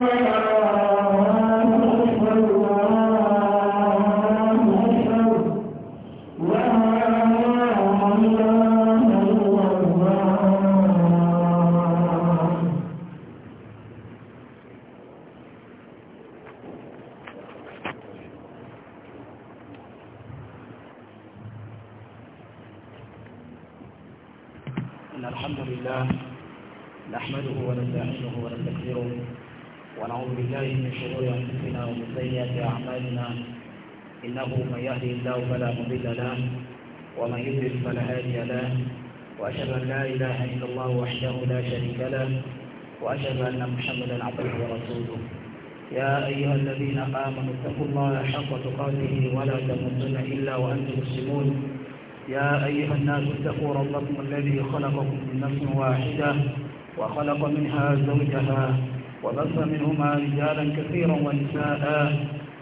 Thank you. الله فلا مضل له ومن يضلل فلا هادي له وأشهد أن لا إله إلا الله وحده لا شريك له وأشهد أن محمدا عبده ورسوله يا أيها الذين آمنوا اتقوا الله حق تقاته ولا تموتن إلا وأنتم مسلمون يا أيها الناس اتقوا ربكم الذي خلقكم من نفس واحدة وخلق منها زوجها وبث منهما رجالا كثيرا ونساء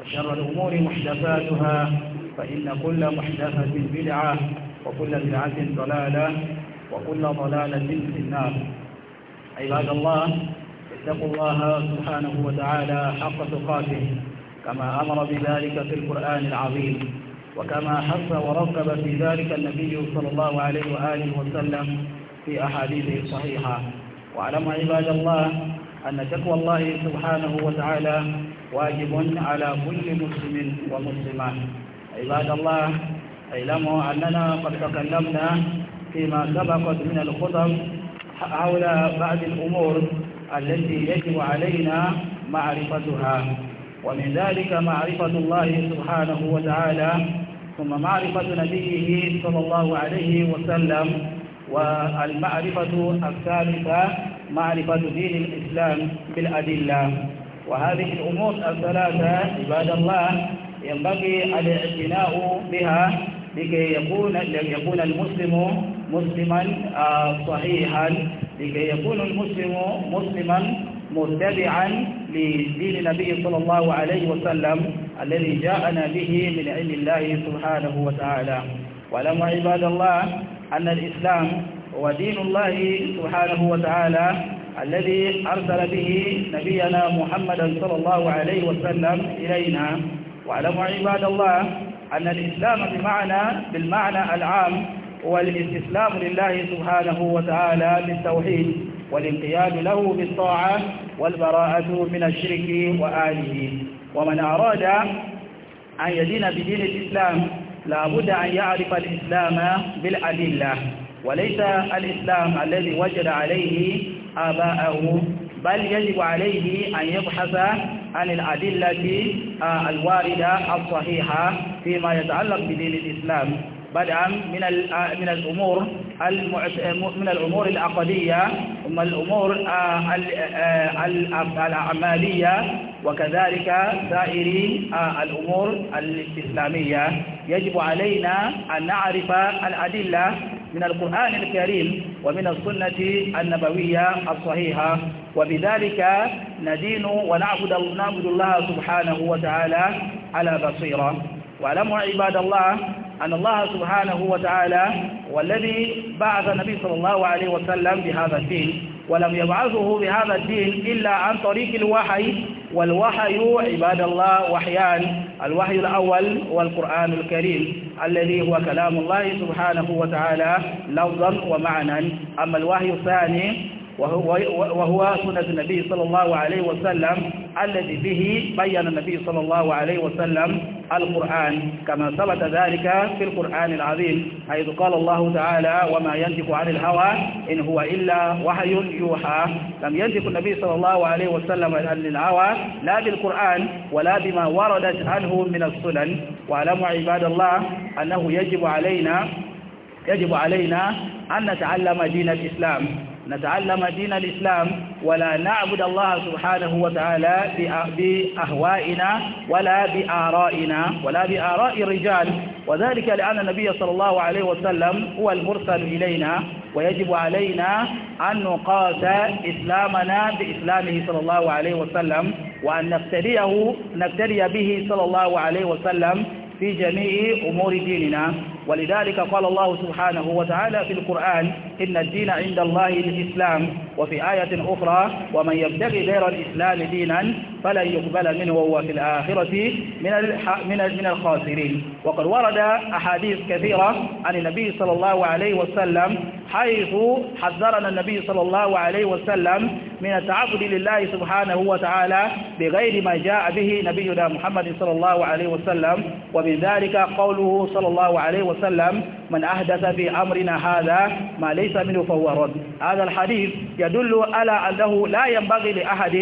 وشر الأمور محدثاتها فإن كل محدثة بدعة وكل بدعة ضلالة وكل ضلالة في النار عباد الله اتقوا الله سبحانه وتعالى حق تقاته كما أمر بذلك في القرآن العظيم وكما حث ورغب في ذلك النبي صلى الله عليه وآله وسلم في أحاديثه الصحيحة واعلموا عباد الله أن تقوى الله سبحانه وتعالى واجب على كل مسلم ومسلمة عباد الله اعلموا أننا قد تكلمنا فيما سبقت من الخطب حول بعض الأمور التي يجب علينا معرفتها ومن ذلك معرفة الله سبحانه وتعالى ثم معرفة نبيه صلى الله عليه وسلم والمعرفة الثالثة معرفة دين الإسلام الإسلام بالأدلة وهذه الأمور الثلاثة عباد الله ينبغي الاعتناء بها لكي يكون يكون المسلم مسلما آه، صحيحا لكي يكون المسلم مسلما متبعا لدين النبي صلى الله عليه وسلم الذي جاءنا به من علم الله سبحانه وتعالى ولما عباد الله أن الإسلام هو دين الله سبحانه وتعالى الذي أرسل به نبينا محمدا صلى الله عليه وسلم إلينا واعلموا عباد الله أن الإسلام بمعنى بالمعنى العام هو الاستسلام لله سبحانه وتعالى بالتوحيد والانقياد له بالطاعة والبراءة من الشرك وآله ومن أراد أن يدين بدين الإسلام لابد أن يعرف الإسلام بالأدلة وليس الإسلام الذي وجد عليه آباءه بل يجب عليه أن يبحث عن الأدلة آه، الواردة الصحيحة فيما يتعلق بدين الإسلام بدءا من آه، من الأمور من الأمور العقدية ثم الأمور آه، الأعمالية وكذلك سائر الأمور الإسلامية يجب علينا أن نعرف الأدلة من القرآن الكريم ومن السنة النبوية الصحيحة وبذلك ندين ونعبد نعبد الله سبحانه وتعالى على بصيرة واعلموا عباد الله أن الله سبحانه وتعالى والذي بعث النبي صلى الله عليه وسلم بهذا الدين ولم يبعثه بهذا الدين إلا عن طريق الوحي والوحي عباد الله وحيان الوحي الأول هو القرآن الكريم الذي هو كلام الله سبحانه وتعالى لفظا ومعنى أما الوحي الثاني وهو, وهو سنة النبي صلى الله عليه وسلم الذي به بين النبي صلى الله عليه وسلم القرآن كما ثبت ذلك في القرآن العظيم حيث قال الله تعالى وما ينطق عن الهوى إن هو إلا وحي يوحى لم ينطق النبي صلى الله عليه وسلم عن الهوى لا بالقرآن ولا بما وردت عنه من السنن واعلموا عباد الله أنه يجب علينا يجب علينا أن نتعلم دين الإسلام نتعلم دين الإسلام ولا نعبد الله سبحانه وتعالى بأهوائنا ولا بآرائنا ولا بآراء الرجال وذلك لأن النبي صلى الله عليه وسلم هو المرسل إلينا ويجب علينا أن نقاس إسلامنا بإسلامه صلى الله عليه وسلم وأن نفتريه نفتري به صلى الله عليه وسلم في جميع أمور ديننا ولذلك قال الله سبحانه وتعالى في القرآن إن الدين عند الله الإسلام وفي آية أخرى ومن يبتغي غير الإسلام دينا فلن يقبل منه وهو في الآخرة من من من الخاسرين وقد ورد أحاديث كثيرة عن النبي صلى الله عليه وسلم حيث حذرنا النبي صلى الله عليه وسلم من التعبد لله سبحانه وتعالى بغير ما جاء به نبينا محمد صلى الله عليه وسلم ومن ذلك قوله صلى الله عليه وسلم وسلم من أحدث في أمرنا هذا ما ليس منه فهو رد هذا الحديث يدل على أنه لا ينبغي لأحد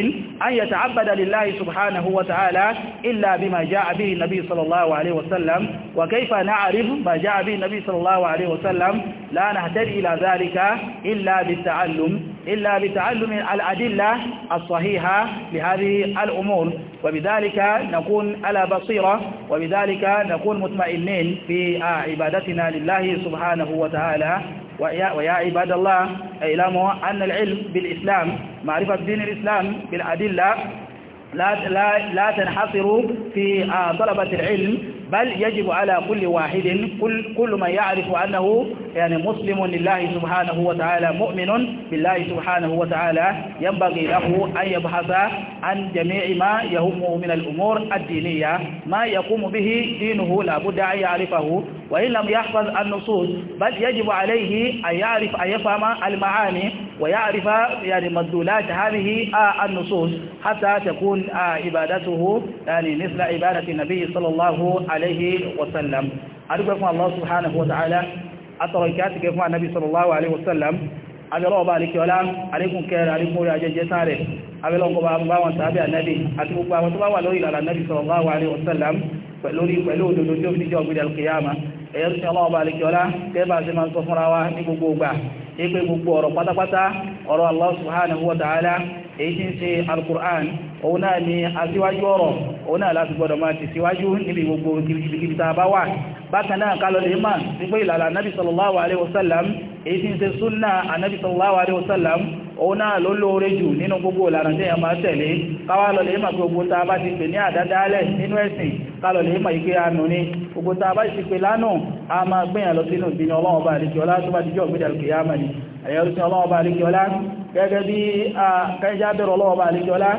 أن يتعبد لله سبحانه وتعالى إلا بما جاء به النبي صلى الله عليه وسلم وكيف نعرف ما جاء به النبي صلى الله عليه وسلم لا نهتدي إلى ذلك إلا بالتعلم إلا بتعلم الأدلة الصحيحة لهذه الأمور وبذلك نكون على بصيرة وبذلك نكون مطمئنين في آه، عبادتنا لله سبحانه وتعالى ويا, عباد الله اعلموا أن العلم بالإسلام معرفة دين الإسلام بالأدلة لا لا لا تنحصر في آه، طلبة العلم بل يجب على كل واحد كل, كل من يعرف أنه يعني مسلم لله سبحانه وتعالى مؤمن بالله سبحانه وتعالى ينبغي له أن يبحث عن جميع ما يهمه من الأمور الدينية ما يقوم به دينه لابد أن يعرفه وإن لم يحفظ النصوص بل يجب عليه أن يعرف أن يفهم المعاني ويعرف يعني مدلولات هذه النصوص حتى تكون عبادته يعني مثل عبادة النبي صلى الله عليه وسلم أرجوكم الله سبحانه وتعالى أتركات كيف مع النبي صلى الله عليه وسلم abẹ́lọ́wọ́ bá alékẹ́ ọlá alékún kẹrẹ alékúnrí ajẹjẹ sáré abẹ́lọ́wọ́ bá bá بارك tàbí ànábì àti gbogbo àwọn tó bá wà lórí ìlànà ànábì sallallahu alaihi wasallam pẹ̀lú òdodo tí ó fi jọ gbìdàlùkìyàmá ẹ̀yẹ́ lóṣìṣẹ́ ọlọ́wọ́ bá àlejò ọlá kẹ́bà sí máa ń sọ fúnra wa ní gbogbo ìgbà ipe gbogbo ọ̀rọ̀ pátápátá ọ̀rọ̀ Allah subhanahu wa ta'ala èyí tí ń ṣe al-Qur'an òun náà ni aṣíwájú ọ̀rọ̀ òun náà láti gbọ́dọ̀ máa ti síwájú níbi gbogbo Nabi sallallahu èyí tí ń ṣe súnà ànábì sallallahu alaihi wasallam òun náà ló lóore jù nínú gbogbo ìlànà tí èèyàn máa tẹ̀lé káwá lọ lè máa pé gbogbo tá ti pè ní àdádálẹ̀ nínú ẹ̀sìn ká lọ lè àánú ni gbogbo tá ti pè lánàá a máa gbìyànjú sínú ìbínú ọlọ́run ọba àdìkíọ́lá tó bá ti jọ́ ògbéjà lókè yá mọ̀ ni ẹ̀yọ́ sí ọlọ́run ọba àdìkíọ́lá gẹ́gẹ́ bí kẹjá bẹ̀rù ọlọ́ọ̀bà àlejọ́lá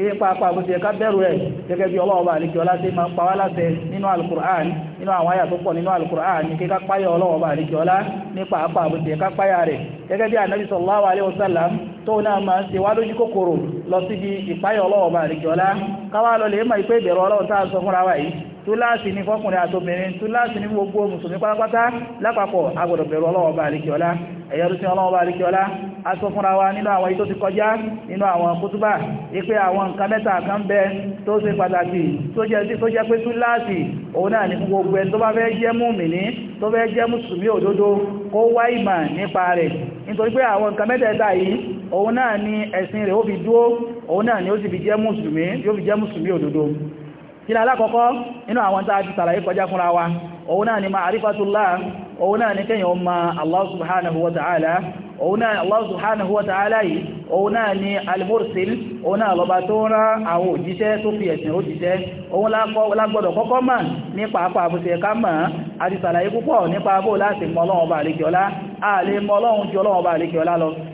ilé pàápàá bó ti ẹ̀ká bẹ̀rù ẹ̀ gẹ́gẹ́ bí ọlọ́ọ̀bà àlejọ́lá tí ma pa wá láṣẹ nínú alukur'an nínú àwọn àyà tó pọ̀ nínú alukur'an ní kíká páyà ọlọ́ọ̀bà àlejọ́lá ní pàápàá bó ti ẹ̀ká páyà rẹ̀ gẹ́gẹ́ bí anabi sallallahu alaihi wasallam tó náà máa ń ṣe wá lójú kòkòrò lọ síbi ìpáyà ọlọ́ọ̀bà àlejọ́lá káwá lọ lè mọ̀ ìpé ìbẹ̀rù ọlọ́run tá a sọ fúnra wa yìí túláàsì ní fọkùnrin àtòmìnrin túláàsì ní gbogbo mùsùlùmí pátápátá lápapọ̀ agbọ́dọ̀ ọlọ́ọ̀bà àlejọ́lá ẹ̀yẹ́ rúsí ọlọ́ọ̀bá àríkíọlá a sọ fúnra wa nínú àwọn ìtó ti kọjá nínú àwọn kútúbà ipé àwọn nǹkan mẹ́ta kan bẹ tó ṣe pàtàkì tó jẹ́ pé túláàsì òun náà ní gbogbo ẹ̀ tó bá fẹ́ jẹ́ mùmìnì tó fẹ́ jẹ́ mùsùlùmí òdodo kó wá ìmà nípa rẹ̀ nítorí pé àwọn nǹkan mẹ́tẹ̀ẹ̀ta yìí òun náà ni ẹ̀sìn rẹ̀ ó fi dúó òun náà ni ó sì fi jẹ́ mùsùlùmí yóò fi jẹ́ mùsùlùmí òdodo kí ni alákọ̀ọ́kọ́ nínú àwọn tá a kọjá fúnra wa òun náà ni ma'arifatullah òun náà ni kẹ́yàn ọmọ Allah subhanahu wa ta'ala òun náà Allah subhanahu wa ta'ala yìí òun náà ni al-mursil òun náà lọba tó ń rán àwọn òjíṣẹ́ tó fi ẹ̀sìn òjíṣẹ́ òun lágbọ́dọ̀ kọ́kọ́ mọ̀ nípa àpá àbúṣẹ́ ká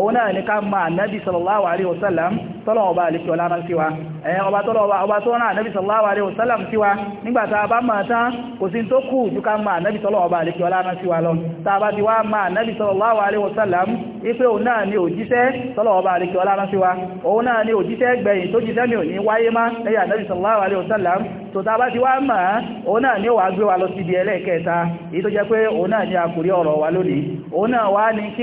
òun náà ní ká ma ànábì sallallahu alaihi wasallam tọ́lọ̀ ọba àlèkì ọlá rán sí wa ẹ̀yẹn ọba tọ́lọ̀ ọba tó rán ànábì sallallahu alaihi wasallam sí wa nígbàtà bá máa tán kò sí tó kù jù ká ma ànábì tọ́lọ̀ ọba àlèkì ọlá rán sí wa lọ tàbá ti wá ma ànábì sallallahu alaihi wasallam ipé ni òjíṣẹ́ tọ́lọ̀ ọba àlèkì ọlá rán sí wa ni òjíṣẹ́ gbẹ̀yìn tó jíṣẹ́ mi ò ní wáyé má lẹ́yìn ànábì sallallahu alaihi ni ó lọ ni àkùrí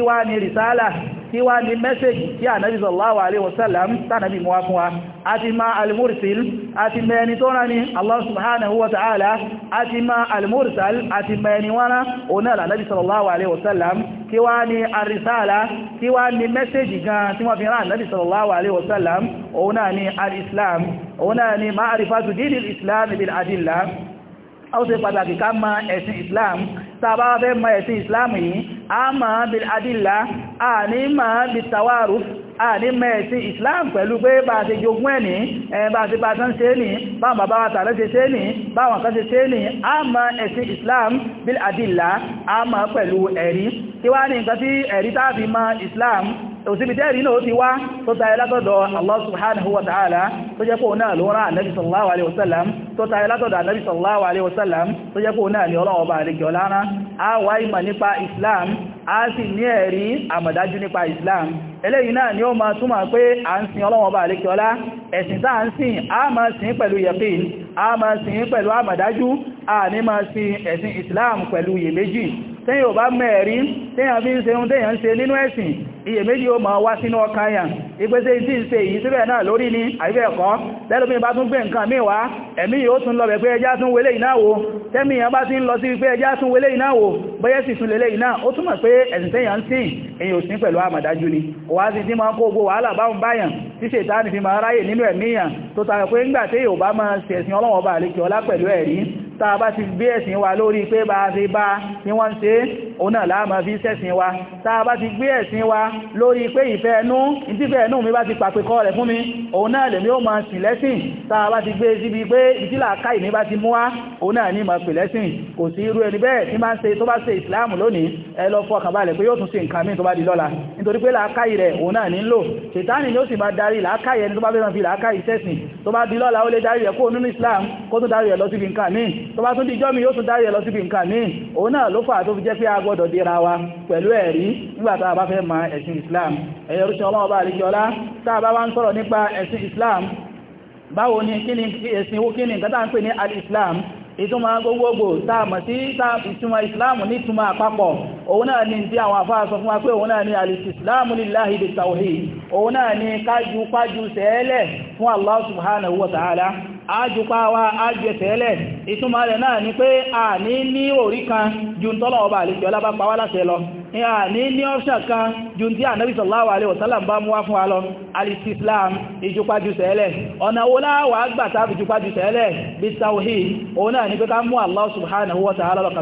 ọ̀rọ̀ kí wá ní mẹ́sẹ̀gì tí ànábì sallallahu alaihi wasallam tánàbí mọ́ fún wa àti ma al-mursil àti mẹ́ni tó rán ní Allah subhanahu wa ta'ala àti ma al-mursal àti mẹ́ni wọ́nà òun náà ànábì ó ṣe pàtàkì ká mọ ẹ̀sìn Islam tàbá fẹ́ mọ ẹ̀sìn Islam yìí a mọ̀ bil adilla a ní mọ̀ bil tawaruf àní mẹ́ẹ̀sí islam pẹ̀lú pé bá ṣe jogún ẹni bá ṣe bá tán ṣe ní báwọn bàbá wa tààrẹ islam bil adilla a mọ̀ pẹ̀lú ẹ̀rí tí wá ní nǹkan islam òsìbí tẹ́rì náà ti wá tó tayẹ látọ̀dọ̀ Allah subhanahu wa ta'ala tó jẹ́ kó náà ló rán ànábì sallallahu alaihi wasallam tó tayẹ látọ̀dọ̀ ànábì sallallahu alaihi wasallam tó jẹ́ kó náà ni ọlọ́wọ́ bá àríkẹ̀ Islam a sì ní ẹ̀rí Islam eléyìí náà ni ó máa túmọ̀ pé a ń sin ọlọ́wọ́ bá àríkẹ̀ ọlá ẹ̀sìn tá ń sìn a máa sìn pẹ̀lú yẹ̀pín Islam pẹ̀lú iyèméjì tẹ́yìn ọba bá mẹ́ẹ̀rí tẹ́yìn àbí ń ṣe ohun tẹ́yìn ń ṣe nínú ẹ̀sìn iyèméjì ó máa wá sínú ọkàn yàn ìgbésẹ̀ tí ń èyí síbẹ̀ náà lórí ni àìbẹ̀ ẹ̀kọ́ lẹ́lùmí bá tún gbé nǹkan míì wá ẹ̀mí yóò tún lọ bẹ̀ pé ẹjá tún wélé ìnáwó tẹ́mì yàn bá ti ń lọ sí pé ẹjá tún wélé ìnáwó bọ́yẹ́ sì tún lélé ìná ó túnmọ̀ pé ẹ̀sìn tẹ́yàn sí èyàn òsìn pẹ̀lú àmàdájú ni sí tí tàà bá ti gbé ẹ̀sìn wa lórí pé bá a ṣe bá ní wọ́n ń ṣe òun náà láàmà fi ṣẹ̀sìn wa tàà bá ti gbé ẹ̀sìn wa lórí pé ìfẹ́ ẹnú ìtífẹ́ ẹnú mi bá ti pàpẹkọ rẹ̀ fún mi òun náà lèmi ó máa sìn lẹ́sìn tàà bá ti gbé síbi pé ìtílà káì mi bá ti mú wá òun náà ní máa pè lẹ́sìn kò sí irú ẹni bẹ́ẹ̀ tí máa ń ṣe tó bá ṣe ìsìláàmù lónìí ẹ lọ fọkàn balẹ̀ pé yóò tún ṣe nǹkan míì tó bá di lọ́la nítorí pé làákàyè rẹ̀ òun náà ní lò ṣètánì ni ó sì máa darí làákàyè ẹni tó bá fẹ́ fi làákàyè ṣẹ̀sìn tó bá di lọ́la ó lè darí rẹ̀ kó nínú ìsìláàmù kó tó darí rẹ̀ lọ síbi nǹkan míì tó bá tún di ìjọ́ mi yóò tún dárí ẹ̀ lọ síbi nǹkan míì òun náà ló fà tó fi jẹ́ pé a gbọ́dọ̀ dira wa pẹ̀lú ẹ̀rí nígbà tá a bá fẹ́ mọ ẹ̀sìn Islam ẹ̀yẹ rúṣin ọlọ́wọ́ bá àríkíọlá tá a bá wá ń sọ̀rọ̀ nípa ẹ̀sìn Islam báwo ni kí ni ẹ̀sìn owó kí ni nǹkan tá à ń pè ní al-Islam ìtumọ̀ gbogbogbò táàmà sí ìtumọ̀ ìsìláàmù ní ìtumọ̀ àpapọ̀ òun náà ni tí àwọn àfáà sọ fún wa pé òun náà ni alìsìsìláàmù lillahi bit tawhid òun náà ni kájú pájú sẹ́ẹ̀lẹ̀ fún Allah subhanahu wa ta'ala ájúpá wa ájẹsẹ̀ẹ́lẹ̀ ìtumà rẹ̀ náà ni pé a ní ní orí kan ju ń tọ́lọ̀ ọba àlejò ọlábá pàwà láti lọ ní ní ọ́ṣà kan ju tí ànábì sallallahu alaihi wasallam bá mú wa lọ alisislam ìjúpájú sẹ́lẹ̀ ọ̀nà wo láwà gbàtà ìjúpájú sẹ́lẹ̀ Allah subhanahu wa ta'ala lọ́kà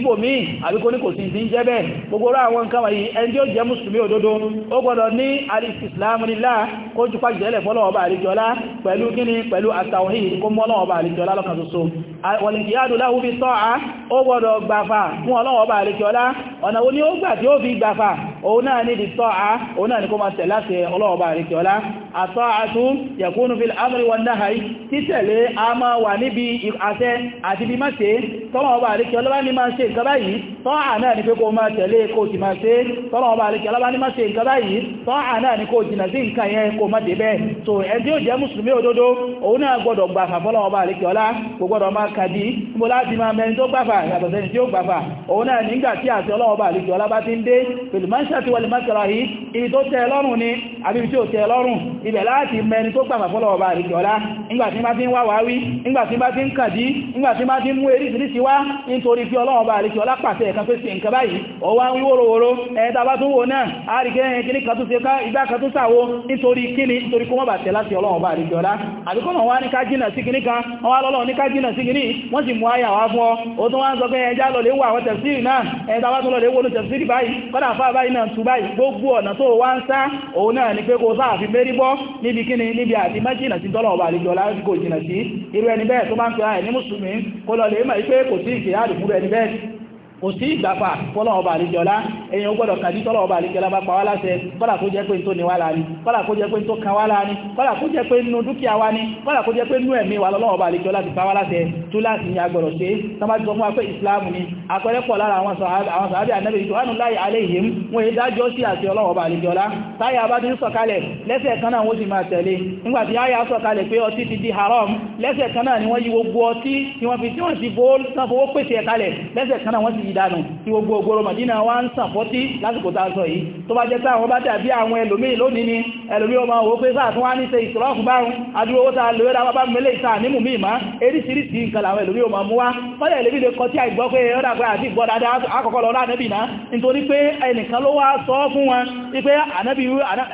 síbò míì àbíkó ní kò sí ìdí ń jẹ́ bẹ́ẹ̀ gbogbo rá àwọn nǹkan wọ̀nyí ẹni tí ó jẹ́ mùsùlùmí òdodo ó gbọ́dọ̀ ní alìsìsìláàmù nílá kó jùpá jẹ́lẹ̀ fọ́lọ́ọ̀bà àríjọlá pẹ̀lú kíni pẹ̀lú àtàwọ̀hì kó mọ́lọ́ọ̀bà àríjọlá lọ́kàn ṣoṣo wọ̀lìkìyàdù láhúbí òun náà ní ìtọ́à òun náà ní kó máa tẹ̀lá sí ọlọ́ọ̀bá àríkẹ́ọlá àtọ́à tún yẹ̀kúnú fil amri wan títẹ̀lé a máa wà níbi àṣẹ àti bí máa ṣe tọ́lọ̀ọ̀bá àríkẹ́ọlá ní máa ṣe nǹkan báyìí tọ́à náà ní pé kó máa tẹ̀lé kó ti máa ṣe ní máa ṣe tọ́à náà ní kó jìnà sí nǹkan yẹn kó máa dé bẹ́ẹ̀ so ẹni tí ó jẹ́ mùsùlùmí òdodo òun náà gbọ́dọ̀ gbà fàfọ́lọ̀ọ̀bá àríkẹ́ọlá kò gbọ́dọ̀ máa mo láti máa mẹni tó gbàfà yàtọ̀ sẹ́ni tí ó gbàfà òun náà nígbà tí àti ọlọ́ọ̀bà àlejò ọlábá ti ń dé pẹ̀lú mọ́ṣẹ́ tí wọlé mọ́ṣẹ́ra yìí ibi tó tẹ́ lọ́rùn ni àbí tí ó tẹ́ lọ́rùn ibẹ̀ láti mẹni tó gbàfà fọ́lọ́ọ̀bà àlejò ọlá nígbà tí bá ti ń wá wáwí nígbà tí bá ti ń kàdí nígbà tí bá ti ń mú eré ìsirísi wá nítorí pé ọlọ́ọ̀bà àlejò ọlá pàṣẹ ẹ̀kan pé sí nǹkan báyìí ọwá ń wóró wóró ẹ̀ẹ́ta bá tún wò náà a rí kí ẹ̀yìn kíní kan tún ṣe ká igbá kan tún wá ní wáyà wá fún ọ ó tún wá sọ pé ẹjá lọlé wà àwọn tẹ̀sírì náà ẹ̀ta wá tún lọlé wọlú tẹ̀sírì báyìí kọ́dà fà báyìí náà tú báyìí gbogbo ọ̀nà tó wá ń sá òun náà ni pé kó sáà fi mérí bọ́ níbi kíni níbi àti májìnà sí tọ́lọ̀ ọba kò sí ìgbàfà fọ́lọ́ọ̀bà àríjọlá èyàn gbọ́dọ̀ kàdí tọ́lọ̀ọ̀bà àríjọlá bá pa wá láṣẹ kọ́lá kó jẹ́ pé tó ní wá láàrin kọ́lá kó jẹ́ pé tó kan wá láàrin kọ́lá kó jẹ́ pé nínú dúkìá wá ní kọ́lá kó jẹ́ pé nínú ẹ̀mí wà lọ́lọ́ọ̀bà àríjọlá ti ni agbọ̀rọ̀ ṣe tọ́bájú wa pé ìsìláàmù ni àpẹẹrẹ pọ̀ lára àwọn sàábì ànẹ́bì ìtò hánú láì aléhìm wọn èdè dájọ́ sí àti ọlọ́ọ̀bà àríjọlá táyà bá ti ń sọ̀kalẹ̀ lẹ́sẹ̀ kan náà wọ́n haram lẹ́sẹ̀ kan náà ni wọ́n yí gbogbo ọtí tí wọ́n fi tí wọ́n ti fowó pèsè ẹ̀kalẹ̀ lẹ́sẹ̀ méjì dànù tí gbogbo ògbòrò Madina wá ń sàpọ́tí lásìkò tá a sọ yìí tó bá jẹ́ pé àwọn bá dàbí àwọn ẹlòmíì lónìí ni ẹlòmíì ọmọ òwò pé sáàtún wá ní ṣe ìṣòrọ́kù bárun adúrówó tá a lòó dáwà bá mẹ́lẹ̀ ìta nímú mi máa eríṣiríṣi nǹkan làwọn ẹlòmíì ọmọ mú wá fọ́lẹ̀ ẹlòmí lè kọ tí àìgbọ́ pé ọ̀dà pé àti ìgbọ́ dáadáa akọ́kọ́ lọ lánàbì náà nítorí pé ẹnìkan ló wá sọ fún wọn wípé ànábì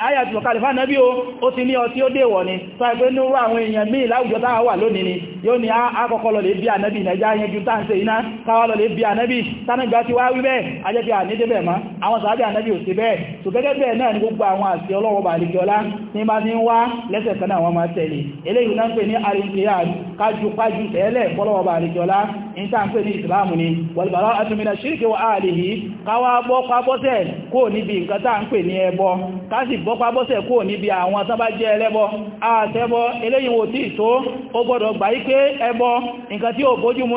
ayà ti lọ̀kalẹ̀ fún ànábì o ó ti ní ọtí ó dèwọ̀ ni sọ pé nírú àwọn èèyàn míì láwùjọ táwa wà lónìí ni yóò ní akọ́kọ́ lọ lè bí ànábì nàìjíríà yẹn ju táǹsẹ̀ iná káwà lọ lè bí ànábì tánàgbà ti wá wí bẹ́ẹ̀ ajẹ́bí ànídébẹ̀ ma àwọn sàábí ànábí ò sí bẹ́ẹ̀ tó gẹ́gẹ́ bẹ́ẹ̀ náà ni gbogbo àwọn àti ọlọ́wọ́ bàríkíọlá ní bá ní wá lẹ́sẹ̀ kan náà wọ́n máa tẹ̀lé wa ààlìhì káwà bọ́pàbọ́sẹ̀ kò níbi nǹkan ta ń pè ní ẹbọ káàsì bọ́pàbọ́sẹ̀ kò níbi àwọn tán bá jẹ́ ẹlẹ́bọ àtẹ́bọ eléyìn wò tí tó ó gbọ́dọ̀ gbà wípé ẹbọ nǹkan tí ò bójú mu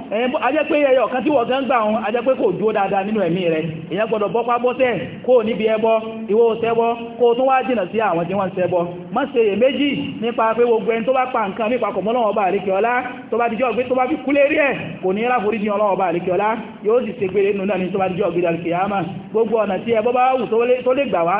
ajẹ́ pé ẹyọ kan tí wọ́n gan gbà ohun ajẹ́ pé kò dúó dáadáa nínú ẹ̀mí rẹ̀ èyàn gbọ́dọ̀ bọ́pá bọ́sẹ̀ kó níbi ẹbọ ìwọ ṣẹbọ kó tún wá jìnà sí àwọn tí wọ́n ṣẹbọ má ṣe yè méjì nípa pé gbogbo ẹni tó bá pa nǹkan nípa kọ̀ mọ́lọ́wọ́ bá àríkẹ́ ọlá tó bá dijọ́ gbé tó bá fi kúlé rí ẹ̀ kò ní ráforí ní ọlọ́wọ́ bá àríkẹ́ ọlá yóò sì ṣe gbére nínú náà ní tó bá dijọ́ gbé dàríkẹ́ àmà gbogbo ọ̀nà tí ẹbọ bá wù tó lè gbà wá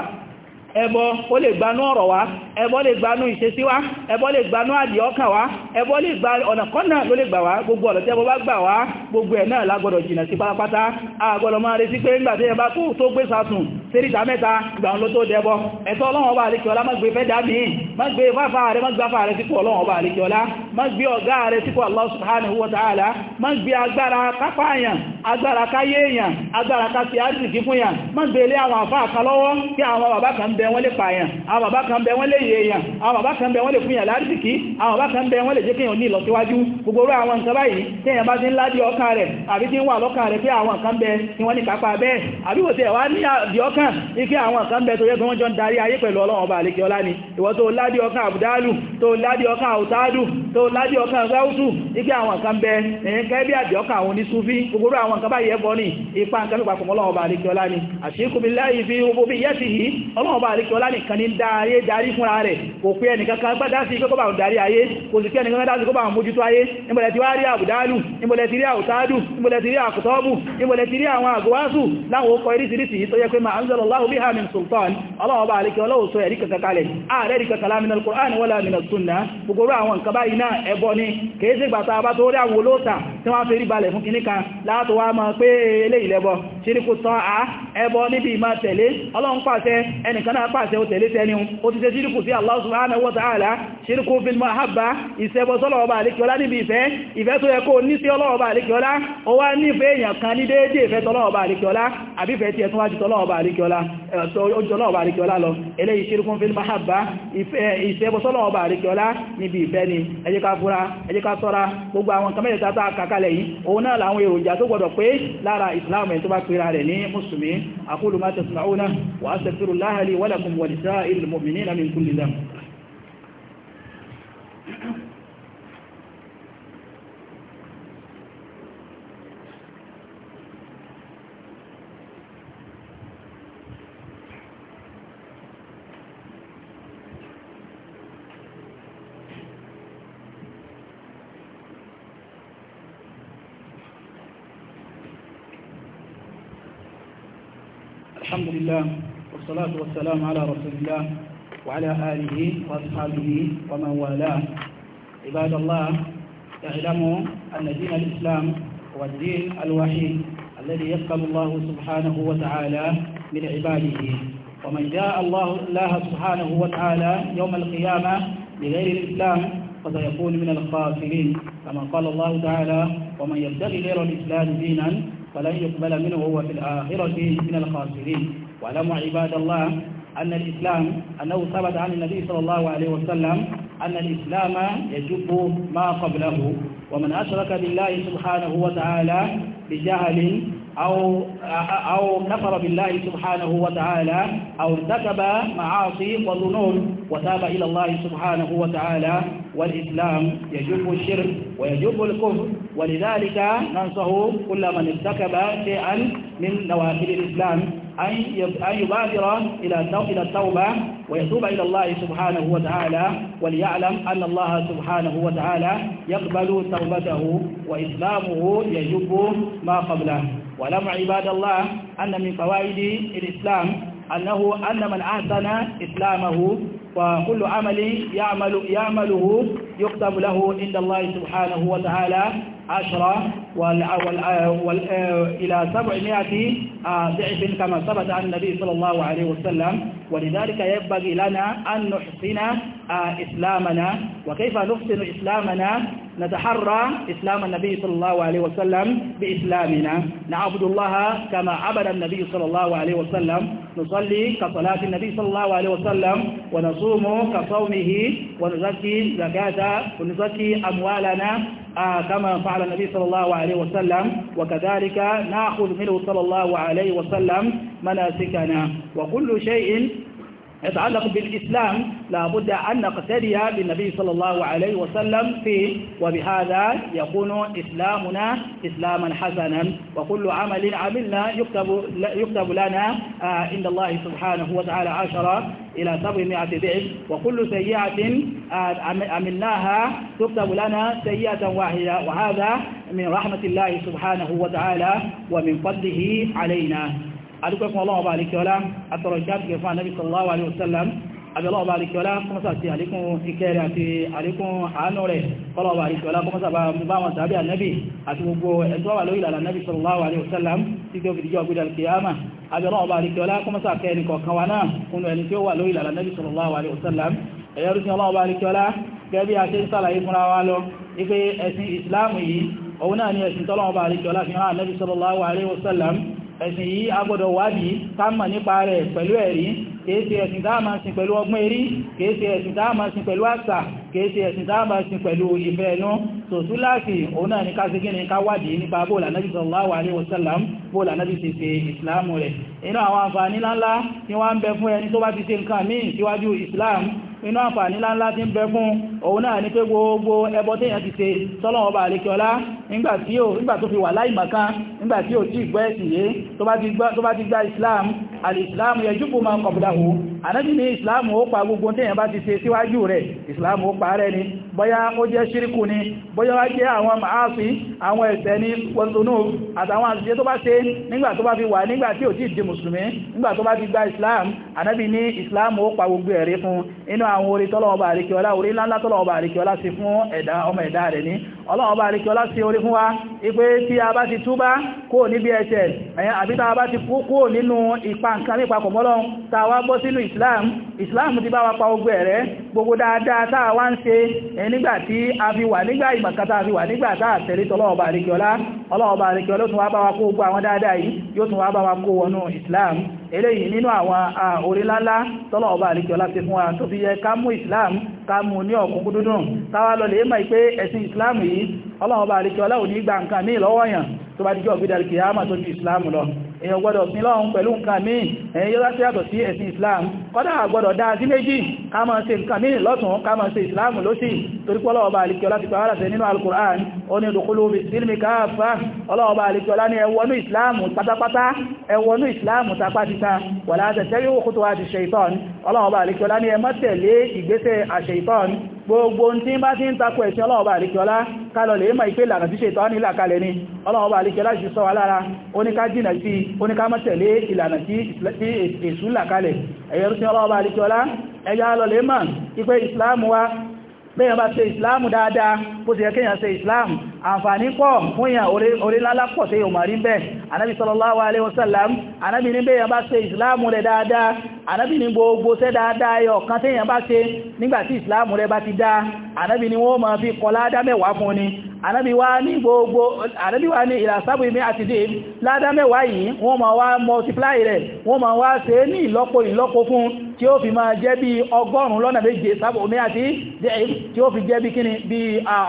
ẹbọ ó lè gbanú ọ̀rọ̀ wá ẹbọ lè gbanú ìṣesí wá ẹbọ lè gbanú àdì ọkàn wá ẹbọ lè gba ọ̀nà kọ́nà ló lè gbà wá gbogbo ọ̀nà tí ẹbọ bá gbà wá gbogbo ẹ̀ náà lágbọ́dọ̀ jìnà sí pátápátá àgbọ́dọ̀ máa retí pé ńgbà tí ẹ bá tó gbé sásùn síríta mẹ́ta ìgbàun ló tó dẹbọ ẹ̀tọ́ ọlọ́wọ́n bá àríkíọlá má gbé fẹ́ dámì má gbé fáfá rẹ̀ má gbé fáfá rẹ̀ sípò ọlọ́wọ́n bá àríkíọlá má gbé ọ̀gá rẹ̀ sípò Allah subhanahu wa ta'ala má gbé agbára kápáyàn agbára káyé èèyàn agbára káfí àrísìkí fún yàn má gbé ilé àwọn àfáà kan lọ́wọ́ kí àwọn bàbá kan bẹ wọ́n lè pààyàn àwọn bàbá kan bẹ wọ́n lè yé èèyàn àwọn bàbá kan bẹ wọ́n lè fún yàn lárísìkí àwọn bàbá kan bẹ wọ́n lè jẹ́ kéèyàn ní ìlọsíwájú gbogbo orú àwọn nǹkan báyìí kéèyàn bá ti ń ládìí ọkàn rẹ̀ àbí ti ń wà lọ́kàn rẹ̀ pé àwọn kan bẹ tí wọ́n ní kápá bẹ́ẹ̀ àbí wò lọ́kàn ike àwọn kan bẹ̀ tó yẹ kí wọ́n jọ ń darí ayé pẹ̀lú ọlọ́run ọba àlekè ọlá ni ìwọ tó ládí ọkàn àbùdálù tó ládí ọkàn àwùtádù tó ládí ọkàn ráútù ike àwọn kan bẹ ẹ̀yìn kẹ́ bí àbí ọkàn àwọn onísúfí ipa nǹkan pípa pọ̀ ọlọ́run ọba àlekè ọlá ni àṣíkùbíláyì fi owó bí yẹ́sì yìí ọlọ́run ọba àlekè ọlá nìkan ní darí darí fúnra rẹ̀ kò pé ẹnìkan kan gbá dásí kó bá darí ayé kò sì pé ẹnìkan kan dásí kó bá mójútó ayé ìbọ̀lẹ̀ ti wá rí àbùdálù ìbọ̀lẹ̀ ti rí àwùtádù ìbọ̀lẹ̀ ti أنزل الله بها من سلطان الله بارك ولو سيريك كالي أعرفك كلام من القرآن ولا من السنة بقراء وانكبائنا ẹbọni kèése gbàta bá tó rí àwọn olóòta tí wọ́n fi rí balẹ̀ fún kìníkà látò wá máa pé ilé ìlẹ́bọ̀ ṣíríkù tán à ẹbọ níbi ìmá tẹ̀lé ọlọ́run pàṣẹ ẹnìkan náà pàṣẹ ó tẹ̀lé tẹni ó ti ṣe ṣíríkù sí Allah subhanahu wa ta'ala ṣíríkù bil mahabba ìṣẹ́bọ sọ́lọ̀ọba àlékiọlá níbi ìfẹ́ ìfẹ́ tó yẹ kó ní sí ọlọ́ọba àlékiọlá ó wá nífẹ̀ẹ́ èèyàn kan ní déédéé ìfẹ́ tọ́lọ́ọba àlékiọlá àbífẹ́ tí ẹ tún wá ju tọ́lọ́ọba àlékiọlá àríkíọ́lá ọjọ́ náà ọba àríkíọ́lá lọ eléyìí ṣírkún fil mahabba ìṣẹ́bọ̀sọ́lọ̀ ọba àríkíọ́lá níbi ìfẹ́ ni ẹ jẹ́ ká fura ẹ jẹ́ ká ṣọ́ra gbogbo àwọn nǹkan mẹ́ta tá kàkalẹ̀ yìí òun náà làwọn èròjà tó gbọdọ̀ pé lára ìsìláàmù tó bá pera rẹ̀ ní mùsùlùmí aqulu ma tasma'una الله والصلاة والسلام على رسول الله وعلى آله وأصحابه ومن والاه عباد الله اعلموا أن دين الإسلام هو الدين الوحيد الذي يقبل الله سبحانه وتعالى من عباده ومن جاء الله الله سبحانه وتعالى يوم القيامة بغير الإسلام فسيكون من الخاسرين كما قال الله تعالى ومن يبتغي غير الإسلام دينا فلن يقبل منه وفي الآخرة من الخاسرين واعلموا عباد الله أن الإسلام أنه ثبت عن النبي صلى الله عليه وسلم أن الإسلام يجب ما قبله ومن أشرك بالله سبحانه وتعالى بجهل أو, أو كفر بالله سبحانه وتعالى أو ارتكب معاصي وظنون وتاب إلى الله سبحانه وتعالى والإسلام يجب الشرك ويجب الكفر ولذلك ننصه كل من ارتكب شيئا من نواحي الإسلام أن يبادر إلى التوبة ويتوب إلى الله سبحانه وتعالى وليعلم أن الله سبحانه وتعالى يقبل توبته وإسلامه يجب ما قبله ولم عباد الله أن من فوائد الإسلام أنه أن من أحسن إسلامه فكل عمل يعمل يعمله يقدم له عند الله سبحانه وتعالى عشرة إلى سبعمائة آه، ضعف كما ثبت عن النبي صلى الله عليه وسلم ولذلك ينبغي لنا أن نحسن آه، إسلامنا وكيف نحسن إسلامنا نتحرى إسلام النبي صلى الله عليه وسلم بإسلامنا نعبد الله كما عبد النبي صلى الله عليه وسلم نصلي كصلاة النبي صلى الله عليه وسلم ونصوم كصومه ونزكي زكاة ونزكي أموالنا آه كما فعل النبي صلى الله عليه وسلم وكذلك نأخذ منه صلى الله عليه وسلم مناسكنا وكل شيء يتعلق بالإسلام لابد أن نقتدي بالنبي صلى الله عليه وسلم فيه وبهذا يكون إسلامنا إسلاما حسنا وكل عمل عملنا يكتب, يكتب لنا آه، عند الله سبحانه وتعالى عشرة إلى سبعمائة ضعف وكل سيئة آه، عملناها تكتب لنا سيئة واحدة وهذا من رحمة الله سبحانه وتعالى ومن فضله علينا adúpẹ́ fún ọlọ́wọ́ bá alikiola atọ̀rọ̀ ìjáàtìkẹ́ fún anábì sallallahu alaihi wasallam abẹ́lọ́wọ́ bá alikiola kọmọ́sà ti àlékún ìkẹrẹ àti àlékún àánú rẹ̀ kọlọ́wọ́ ipe ẹ̀sìn ìsìláàmù yìí òun náà ni ẹ̀sìn tọ́lọ́wọ́ bá alikiola fi hàn anábì sallallahu alaihi ẹ̀sìn yìí agbọ́dọ̀ wádìí ká mọ̀ nípa rẹ̀ pẹ̀lú ẹ̀rí kèése ẹ̀sìn dáàmà sin pẹ̀lú ọgbọ́n erí kèése ẹ̀sìn dáàmà sin pẹ̀lú àṣà kèése ẹ̀sìn dáàmà sin pẹ̀lú ìfẹ́ ẹnu tòsú láti òun náà ní kásí gíní ká wádìí nípa bóòlà náà sallallahu alaihi wasallam bóòlà náà ti ṣe ìsìláàmù rẹ̀ inú àwọn àǹfààní ńláńlá tí wọ́n ń bẹ òun náà ní pé gbogbo ẹbọ téèyàn ti ṣe tọ́lọ́wọ́n bá àlékẹ́ ọlá nígbà tó fi wà láì màkán nígbà ò tí gbọ́ ẹ̀sìn tó bá ti gba Islam al-Islam yajubu ma qablahu ànábì ní Islam ó pa gbogbo téèyàn bá ti ṣe síwájú rẹ̀ Islam ó pa rẹ̀ ni bọ́yá ó jẹ́ ṣíríkù ni bọ́yá wá jẹ́ àwọn màáfi àwọn ẹ̀ṣẹ̀ ni wọ́ntunú àtàwọn àṣìṣe tó bá ṣe nígbà tó bá fi wà nígbà tí ò tí di mùsùlùmí nígbà tó bá ti gba Islam ànábì ní Islam ó pa gbogbo ẹ̀rí fún inú àwọn orí tọ́lọ́wọ́ bá tọ́lọ̀ ọba àríkẹ́ ọlá sí fún ẹ̀dá ọmọ ẹ̀dá rẹ̀ ní ọlọ́run bá alikẹ́ ọlá sí orí fún wa ipé tí a bá ti túbá kúrò níbi ẹ̀ṣẹ̀ ẹ̀yàn àbí tá a bá ti kúrò nínú ipa nǹkan nípa kọ̀mọ́lọ́run tá bọ́ sínú Islam Islam ti bá wa pa ogun ẹ̀rẹ́ gbogbo dáadáa tá a wá ń ṣe nígbà tí a fi wà nígbà ìmọ̀ká tá a fi wà nígbà tá a tẹ̀lé tọ́lọ́run bá alikẹ́ wa kó gbogbo àwọn dáadáa yìí yóò tún wá bá Islam eléyìí nínú àwọn orílá-ńlá tọ́lọ̀ ti fún wa tó fi yẹ ká mú Islam ká mú ní ọ̀kúnkú dúdùn táwà lọ lè mọ̀ pé ẹ̀sìn Islam yìí ọlọ́run bá àríkẹ́ ọlọ́run ní gbà nǹkan ní ìlọ́wọ́yàn tó bá díjọ́ gbídà kìyàmà tó ju islam lọ èyàn gbọ́dọ̀ sí lọ́run pẹ̀lú nǹkan míì èyàn yóò láti yàtọ̀ sí ẹ̀sìn islam kọ́dá àgbọ́dọ̀ dáa sí méjì ká má ṣe nǹkan míì lọ́tún ká má ṣe islam lósì torí pé ọlọ́ọ̀bá àlìkíọ́lá ti pàwàrà tẹ nínú alukur'an ó ní ìdókòlò bìsílmì káàfà ọlọ́ọ̀bá àlìkíọ́lá ní ẹwọnú islam pátápátá ẹwọnú islam gbogbo tí bá ti ń takò ẹ̀sìn ọlọ́ọ̀bà àríkíọlá kálọ̀ lè mọ̀ ìpé ìlànà tí ṣe tọ́ nílà kalẹ̀ ni ọlọ́ọ̀bà àríkíọlá ṣe sọ wà lára oníká jìnà sí oníká má tẹ̀lé ìlànà tí èṣù là kalẹ̀ ẹ̀yẹrúsìn ọlọ́ọ̀bà àríkíọlá ẹjá lọ lè mọ̀ ìpé ìsìláàmù wa bẹ́yàn bá ṣe ìsìláàmù dáadáa bó ti yẹ kéèyàn ṣe ìsìláàmù àǹfààní pọ̀ fún èèyàn orílẹ̀-èdè pọ̀ tí yóò mọ̀rí bẹ́ẹ̀ anábi sallallahu alaihi wasallam anábi ní bẹ́yàn bá ṣe ìsìláàmù rẹ̀ dáadáa anábi ní gbogbo ṣẹ́ dáadáa ẹyọ kan tí èèyàn bá ṣe nígbàtí ìsìláàmù rẹ̀ bá ti ànábì wá ní gbogbo ànábì wá ní ìlàsábù ìmẹ́ àti dé ládámẹ́wàá yìí wọ́n ma wa multiply rẹ̀ wọ́n ma wá ṣe ní ìlọ́po ìlọ́po fún tí ó fi máa jẹ́ bí ọgọ́rùn lọ́nà méje sábò ní àti tí ó fi jẹ́ bí kíni bí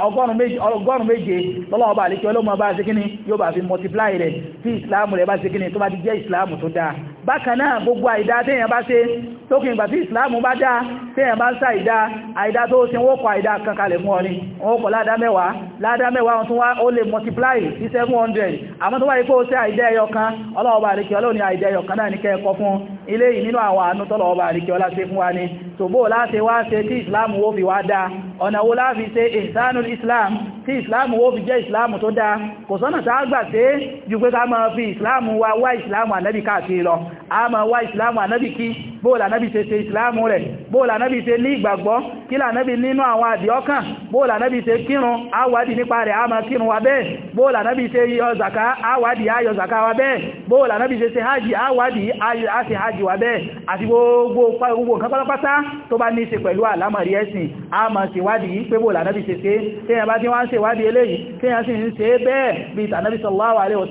ọgọ́rùn méje lọ́lọ́ọ̀bà àlíkẹ́ ọlọ́mọ bá ṣe kíni yóò bá fi multiply rẹ̀ tí ìsìláàmù rẹ̀ bá ṣe kíni tó bá ti jẹ́ ìsìláàmù tó dáa bákan náà gbogbo àìdá téèyàn bá ṣe tókùn ìgbà tí ìsìláàmù bá dá téèyàn bá ń sá ìdá àìdá tó ṣe wọ́pọ̀ àìdá kankalẹ̀ mú ọrin wọ́n pọ̀ ládá mẹ́wàá ládá mẹ́wàá wọn lè multiply sí 700 àmọ́ tó wáyé pé ó ṣe àìdá ẹyọ kan ọlọ́ọ̀bà àríkẹ́ ọlọ́ọ̀ni àìdá ẹyọ kan náà ní kẹ́ẹ̀kọ́ fún ilé yìí nínú àwọn àánú tọ́lọ̀ọba àríkẹ́ ọlá ṣe fún wa ni tòbó láti wá ṣe tí ìsìláàmù wó fi wá dáa islam tí ìsìláàmù wó fi jẹ́ ìsìláàmù tó dáa kò sọ́nà tá a gbà ṣe jù ká máa fi ìsìláàmù wa wá ìsìláàmù ànábì káàkiri lọ a ma wá ìsìláàmù ànábì kí bóòlà ànábì ṣe ṣe ìsìláàmù rẹ̀ bóòlà ànábì ṣe ní ìgbàgbọ́ kí lànábì nínú àwọn àdìọ́kàn bóòlà ànábì ṣe kírun àwádìí nípa rẹ̀ a ma kírun wa bẹ́ẹ̀ bóòlà ànábì ṣe yọ zàká àwádìí ayọ zàká wa bẹ́ẹ̀ bóòlà ànábì ṣe ṣe hajj àwádìí àṣe hajj wa bẹ́ẹ̀ àti gbogbo gbogbo nǹkan pátápátá tó bá ní ṣe pẹ̀lú àlámọ̀rí ẹ̀sìn a ma ṣèwádìí pé bóòlà ànábì ṣe ṣe téèyàn bá ti wá ń ṣèwádìí eléyìí téèyàn sì ń ṣe bẹ́ẹ̀ bíi tànábì sallallahu alaihi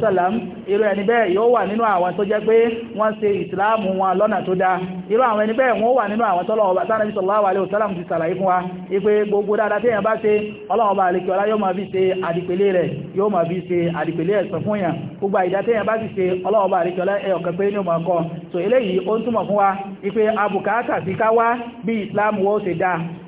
irú ẹni bẹ́ẹ̀ yóò wà nínú àwọn tó jẹ́ pé wọ́n ṣe ìsìláàmù wọn lọ́nà tó dáa irú àwọn ẹni bẹ́ẹ̀ wọ́n wà nínú àwọn tọ́lọ̀ ọba tánà bí sallallahu alaihi wasallam ti sàlàyé fún wa ipé gbogbo dáadáa tí èèyàn bá ṣe ọlọ́run ọba àlekí ọlá yóò máa fi ṣe àdìpèlé rẹ̀ yóò máa fi ṣe àdìpèlé ẹ̀sán fún yàn gbogbo àìdá tí bá ti ṣe wa ipé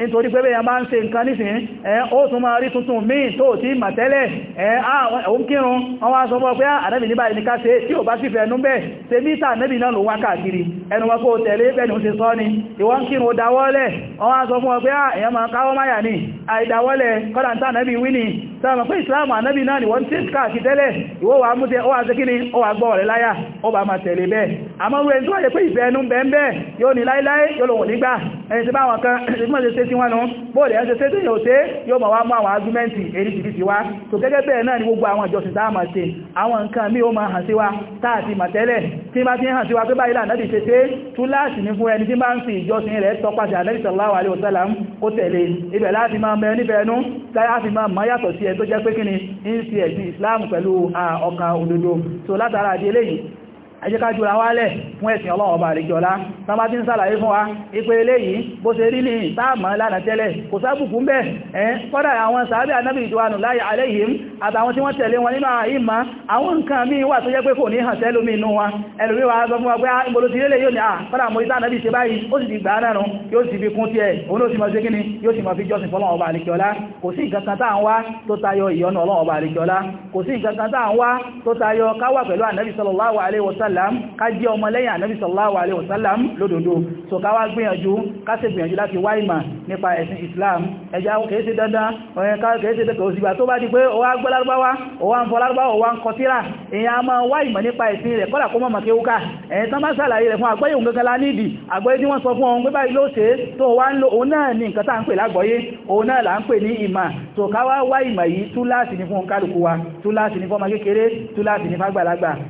nítorí pé bẹ́yà máa ń ṣe nǹkan nísìn ẹ̀ ó tún máa rí tuntun míì tó tí mà tẹ́lẹ̀ ẹ̀ àwọn kírun wọ́n wá sọ fún pé ànábì ní báyìí ní tí ò bá sì fẹ́ nú bẹ́ẹ̀ ṣe mítà ànábì náà ló wá káàkiri ẹnu wọn kó tẹ̀lé bẹ́ẹ̀ni ó ti sọ ni ìwọ́n kí o dáwọ́lẹ̀ wọ́n á sọ fún ọ pé ah, èèyàn máa káwọ́ máyà ní àìdáwọ́lẹ̀ kọ́dà tá ànábì wí ni sáàmà pé ìsìláàmù ànábì náà ni wọ́n tí ká àti tẹ́lẹ̀ ìwọ́ wà mú tẹ́ ó wà sí kíní ó wà gbọ́ rẹ̀ láyà ó bá máa tẹ̀lé bẹ́ẹ̀ àmọ́ rẹ̀ tó wáyé pé ìfẹ́ ẹnu bẹ́ẹ̀ yóò ní láíláí yóò lòun nígbà ẹni tí báwọn kan ẹni tí wọ́n ṣe tí bá ti hàn sí wa pé báyìí lànà ti ṣe ṣe túláàsì ní fún ẹni tí bá ń fi ìjọsìn rẹ̀ tọpasẹ̀ Ànábì sallallahu alaihi wasallam kó tẹ̀lé ibẹ̀ láti máa mẹ́ nífẹ̀ẹ́nú láti máa mọ́ yàtọ̀ sí ẹ tó jẹ́ pé kíni ń fi ẹ̀sìn Islam pẹ̀lú ọkàn òdodo so látara àdí eléyìí ẹjẹ́ká jùra wálẹ̀ fún ẹ̀sìn ọlọ́run ọba àríjọlá tàbá tí ń sàlàyé fún wa ipé eléyìí bó ṣe rí ní ìtààmà lánà tẹ́lẹ̀ kò sábùkú ń bẹ̀ ẹ́ kọ́dà àwọn sàábẹ̀ anábì ìdíwánù láyé aléyìn àtàwọn tí wọ́n tẹ̀lé wọn nínú àìmá àwọn nǹkan míì wà tó jẹ́ pé kò ní hàn tẹ́lómi inú wa ẹlòmí wa sọ fún wa pé ìbòlò ah, ti lélẹ̀ yóò ní à ah, kọ́dà mo ìta ànábì ṣe báyìí ó sì ti gbà náà nù yóò sì fi kún wasallam ká jẹ́ ọmọ lẹ́yìn ànábì sallallahu alaihi wasallam lódodo so ká wá gbìyànjú ká sì gbìyànjú láti wá ìmọ̀ nípa ẹ̀sìn islam ẹja kèése dandan ọ̀yẹn ká kèése tẹ́kẹ̀ òsìgbà tó bá di pé ọwá gbọ́ lárúbáwá ọwá ń fọ lárúbáwá ọwá ń kọ tíra èyàn a máa wá ìmọ̀ nípa ẹ̀sìn rẹ̀ kọ́lá kó mọ̀ mọ̀kẹ́ wúká ẹ̀yìn tán bá sàlàyé rẹ̀ fún àgbọ́yé òun gẹ́gẹ́ lá nídìí àgbọ́yé tí wọ́n sọ fún ọ̀hún pé báyìí ló ṣe tó wá ń lo òun náà ní nǹkan tá à ń pè lágbọ́yé òun náà là ń pè ní ìmọ̀ tó ká wá wá ìmọ̀ yìí túláàsì ní fún kálukú wa túláàsì ní fọ́mọ kékeré túláàsì ní fágbàlagbà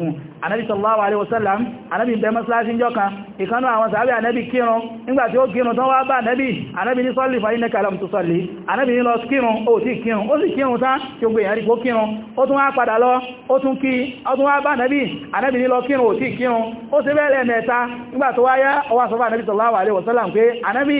fún um, anábi sallallahu alaihi wasallam anábi bẹ mọ́sílásí jọ kan ìkanú àwọn sàábẹ̀ anábi kírun nígbàtí ó kírun tán wá bá anábi anábi ní sọ́lì fàyí nẹ́kà alam tó sọ́lì anábi ní lọ kírun ó sì kírun ó sì kírun tán tí ó gbé ìyàrí kó kírun ó tún wá padà lọ ó tún kí ó tún wá bá anábi anábi ní lọ kírun ó sì kírun ó sì bẹ́ẹ̀lẹ̀ mẹ́ta nígbà tó wáyá ó wá sọ fún anábi sallallahu alaihi wasallam pé anábi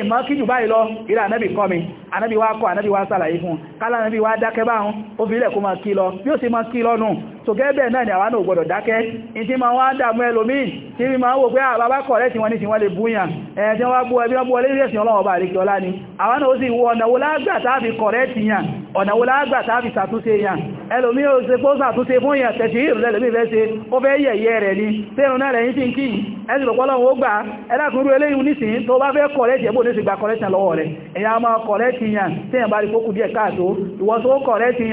ìmọ̀ kíjù báyìí lọ ìrẹ́ anábi kọ́ mi anábi wá kọ́ anábi wá sàlàyé fún kálá anábi wá dákẹ́ báhùn ó fi ilẹ̀ kó máa kí lọ bí ó sì máa kí lọ nù so gẹ́gẹ́ bẹ́ẹ̀ náà ni àwọn náà gbọ́dọ̀ dákẹ́ dákẹ́ ìtí ma wá dàmú ẹlòmíì tí ma wò pé àbábá kọ̀rẹ́ tí wọ́n ní tí wọ́n lè búyàn ẹ̀yẹn tí wọ́n bú ẹbí wọ́n bú ẹlé ìrẹsìn ọlọ́wọ́ bá àríkẹ́ ọlá ni àwọn náà ó sì wọ ọ̀nà wo lágbà tàbí kọ̀rẹ́ ti yàn ọ̀nà wo lágbà tàbí sàtúnṣe yàn ẹlòmí ò ṣe pọ́ sàtúnṣe fún èèyàn ni tẹ́rùn náà rẹ̀ yí sí ń kí ẹ̀sìn lọ́pọ̀lọ́wọ́ ó gbà ẹlákùnrú eléyìn nísìn tó bá fẹ́ kọ̀rẹ́tì ẹgbò nísìn gba kọ̀rẹ́tì lọ́wọ́ rẹ̀ èyàn máa kọ̀rẹ́tì yàn tẹ́yàn bá rí kókù díẹ̀ káàtó ìwọ́n tó kọ̀rẹ́tì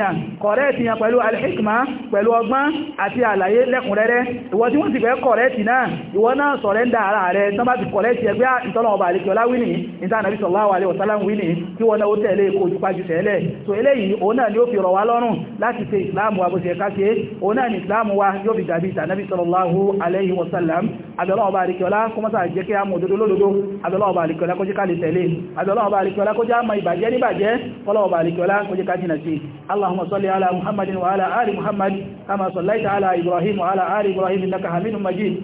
yàn lẹ́kùnrẹ́rẹ́ ìwọ tí wọ́n sì fẹ́ kọ̀rẹ́tì náà ìwọ náà sọ̀rẹ́ndà ara rẹ̀ tán bá ti kọ̀rẹ́tì ẹgbẹ́ ìtọ́nà ọba àlejò ọlá wíní ìtànàbí sallallahu alaihi wasallam wíní kí wọ́n náà ó tẹ̀lé e kojú pájú tẹ́lẹ̀ so eléyìí òun náà ni ó fi rọ̀ wá lọ́rùn láti ṣe ìsìláàmù wa bó ṣe ká ṣe òun náà ni ìsìláàmù wa yóò fi dàbí ìtànàbí sallallahu alaihi wasallam abẹ́lọ́ ọba àlejò ọlá kó mọ́sà jẹ́ kí a mọ̀ òdodo lódodo abẹ́lọ́ ọba àlejò ọlá kó jẹ́ ká lè tẹ̀lé abẹ́lọ́ ọba àlejò ọlá kó jẹ́ àmọ́ ìbàjẹ́ níbàjẹ́ kọ́lọ́ ọba àlejò ọlá kó jẹ́ ká jìnà sí Allahumma salli ala Muhammadin wa ala ali Muhammad kama sallaita ala Ibrahim وعلى آل إبراهيم إنك حميد مجيد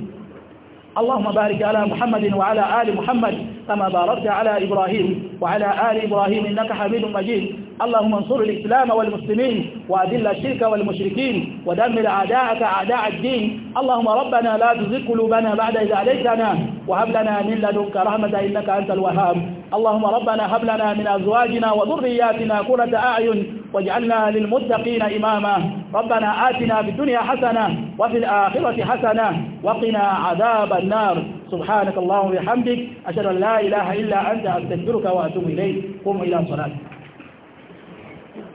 اللهم بارك على محمد وعلى آل محمد كما باركت على إبراهيم وعلى آل إبراهيم إنك حميد مجيد اللهم انصر الإسلام والمسلمين وأذل الشرك والمشركين ودمر أعداءك أعداء الدين اللهم ربنا لا تزغ قلوبنا بعد إذ هديتنا وهب لنا من لدنك رحمة إنك أنت الوهاب اللهم ربنا هب لنا من أزواجنا وذرياتنا قرة أعين واجعلنا للمتقين إماما ربنا آتنا في الدنيا حسنة وفي الآخرة حسنة وقنا عذاب النار سبحانك اللهم وبحمدك أشهد أن لا إله إلا أنت أستغفرك وأتوب إليك قم إلى صلاتك